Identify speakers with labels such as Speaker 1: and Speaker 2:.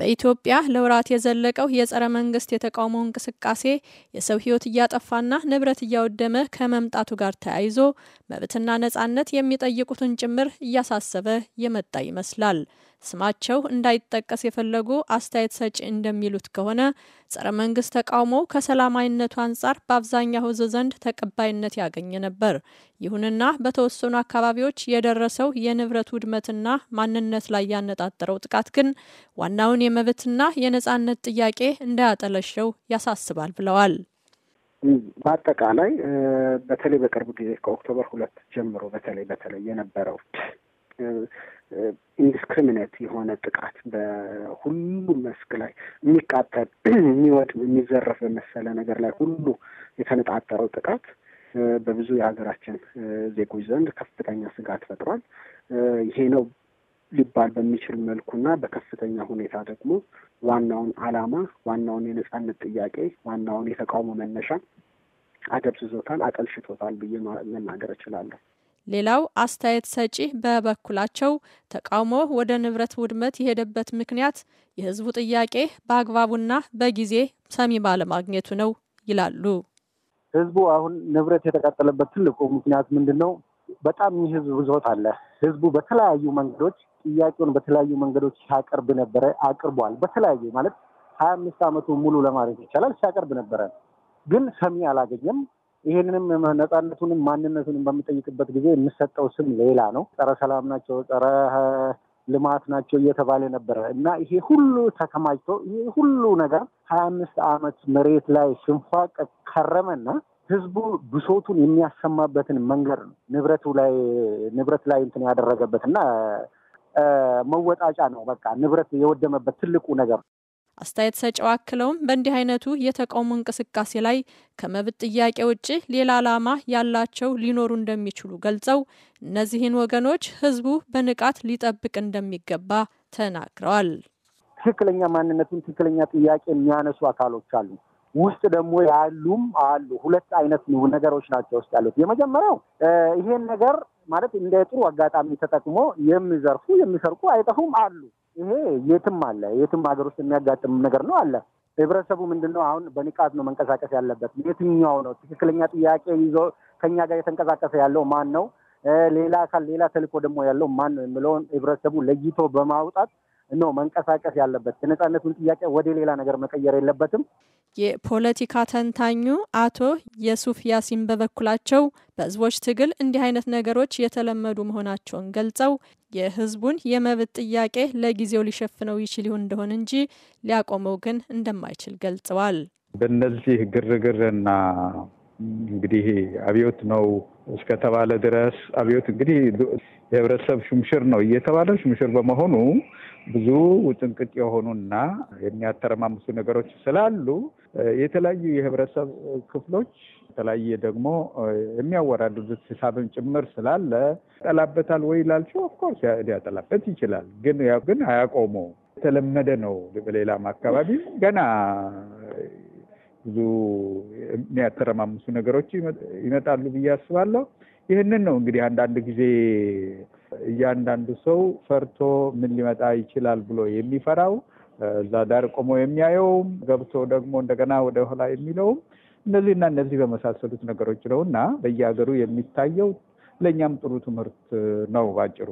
Speaker 1: በኢትዮጵያ ለወራት የዘለቀው የጸረ መንግስት የተቃውሞ እንቅስቃሴ የሰው እያጠፋ እያጠፋና ንብረት እያወደመ ከመምጣቱ ጋር ተያይዞ መብትና ነጻነት የሚጠይቁትን ጭምር እያሳሰበ የመጣ ይመስላል። ስማቸው እንዳይጠቀስ የፈለጉ አስተያየት ሰጪ እንደሚሉት ከሆነ ጸረ መንግስት ተቃውሞ ከሰላማዊነቱ አንጻር በአብዛኛው ህዝብ ዘንድ ተቀባይነት ያገኘ ነበር። ይሁንና በተወሰኑ አካባቢዎች የደረሰው የንብረት ውድመትና ማንነት ላይ ያነጣጠረው ጥቃት ግን ዋናውን የመብትና የነጻነት ጥያቄ እንዳያጠለሸው ያሳስባል ብለዋል።
Speaker 2: በአጠቃላይ በተለይ በቅርብ ጊዜ ከኦክቶበር ሁለት ጀምሮ በተለይ በተለይ የነበረው ኢንዲስክሪሚኔት የሆነ ጥቃት በሁሉም መስክ ላይ የሚቃጠል የሚወድም የሚዘረፍ በመሰለ ነገር ላይ ሁሉ የተነጣጠረው ጥቃት በብዙ የሀገራችን ዜጎች ዘንድ ከፍተኛ ስጋት ፈጥሯል። ይሄ ነው ሊባል በሚችል መልኩና በከፍተኛ ሁኔታ ደግሞ ዋናውን ዓላማ ዋናውን የነጻነት ጥያቄ ዋናውን የተቃውሞ መነሻ አደብዝዞታል፣ አጠልሽቶታል ብዬ መናገር እችላለሁ።
Speaker 1: ሌላው አስተያየት ሰጪ በበኩላቸው ተቃውሞ ወደ ንብረት ውድመት የሄደበት ምክንያት የህዝቡ ጥያቄ በአግባቡና በጊዜ ሰሚ ባለማግኘቱ ነው ይላሉ።
Speaker 3: ህዝቡ አሁን ንብረት የተቃጠለበት ትልቁ ምክንያት ምንድን ነው? በጣም የህዝብ ብዞት አለ። ህዝቡ በተለያዩ መንገዶች ጥያቄውን በተለያዩ መንገዶች ሲያቀርብ ነበረ፣ አቅርቧል። በተለያዩ ማለት ሀያ አምስት ዓመቱ ሙሉ ለማለት ይቻላል ሲያቀርብ ነበረ፣ ግን ሰሚ አላገኘም። ይህንንም ነፃነቱንም ማንነቱንም በምጠይቅበት ጊዜ የምሰጠው ስም ሌላ ነው። ጸረ ሰላም ናቸው፣ ጸረ ልማት ናቸው እየተባለ ነበረ እና ይሄ ሁሉ ተከማችቶ ይሄ ሁሉ ነገር ሀያ አምስት ዓመት መሬት ላይ ሲንፏቀቅ ከረመና ህዝቡ ብሶቱን የሚያሰማበትን መንገድ ነው ንብረቱ ላይ ንብረት ላይ እንትን ያደረገበትና መወጣጫ ነው። በቃ ንብረት የወደመበት ትልቁ ነገር
Speaker 1: አስተያየት ሰጪው አክለውም በእንዲህ አይነቱ የተቃውሞ እንቅስቃሴ ላይ ከመብት ጥያቄ ውጭ ሌላ ዓላማ ያላቸው ሊኖሩ እንደሚችሉ ገልጸው እነዚህን ወገኖች ህዝቡ በንቃት ሊጠብቅ እንደሚገባ ተናግረዋል።
Speaker 3: ትክክለኛ ማንነቱን ትክክለኛ ጥያቄ የሚያነሱ አካሎች አሉ። ውስጥ ደግሞ ያሉም አሉ። ሁለት አይነት ነገሮች ናቸው ውስጥ ያሉት። የመጀመሪያው ይሄን ነገር ማለት እንደ ጥሩ አጋጣሚ ተጠቅሞ የሚዘርፉ የሚሰርቁ አይጠፉም አሉ። ይሄ የትም አለ፣ የትም ሀገር ውስጥ የሚያጋጥም ነገር ነው አለ። ህብረተሰቡ ምንድን ነው አሁን በንቃት ነው መንቀሳቀስ ያለበት። የትኛው ነው ትክክለኛ ጥያቄ ይዞ ከኛ ጋር የተንቀሳቀሰ ያለው ማን ነው፣ ሌላ አካል ሌላ ተልእኮ ደግሞ ያለው ማን ነው የሚለውን ህብረተሰቡ ለይቶ በማውጣት ነው መንቀሳቀስ ያለበት። የነጻነቱን ጥያቄ ወደ ሌላ ነገር መቀየር የለበትም።
Speaker 1: የፖለቲካ ተንታኙ አቶ የሱፍ ያሲን በበኩላቸው በህዝቦች ትግል እንዲህ አይነት ነገሮች የተለመዱ መሆናቸውን ገልጸው የህዝቡን የመብት ጥያቄ ለጊዜው ሊሸፍነው ይችል ይሆን እንደሆነ እንጂ ሊያቆመው ግን እንደማይችል ገልጸዋል።
Speaker 4: በእነዚህ ግርግርና እንግዲህ አብዮት ነው እስከተባለ ድረስ አብዮት እንግዲህ የህብረተሰብ ሹምሽር ነው እየተባለ ሹምሽር በመሆኑ ብዙ ውጥንቅጥ የሆኑና የሚያተረማምሱ ነገሮች ስላሉ የተለያዩ የህብረተሰብ ክፍሎች የተለያየ ደግሞ የሚያወራዱት ሂሳብን ጭምር ስላለ ጠላበታል ወይ ላልሽው፣ ኦፍኮርስ ሊያጠላበት ይችላል። ግን ያው ግን አያቆሙ የተለመደ ነው። በሌላም አካባቢ ገና ብዙ የሚያተረማምሱ ነገሮች ይመጣሉ ብዬ አስባለሁ። ይህንን ነው እንግዲህ አንዳንድ ጊዜ እያንዳንዱ ሰው ፈርቶ ምን ሊመጣ ይችላል ብሎ የሚፈራው እዛ ዳር ቆሞ የሚያየውም ገብቶ ደግሞ እንደገና ወደ ኋላ የሚለውም እነዚህና እነዚህ በመሳሰሉት ነገሮች ነው እና በየሀገሩ የሚታየው ለእኛም ጥሩ ትምህርት ነው ባጭሩ።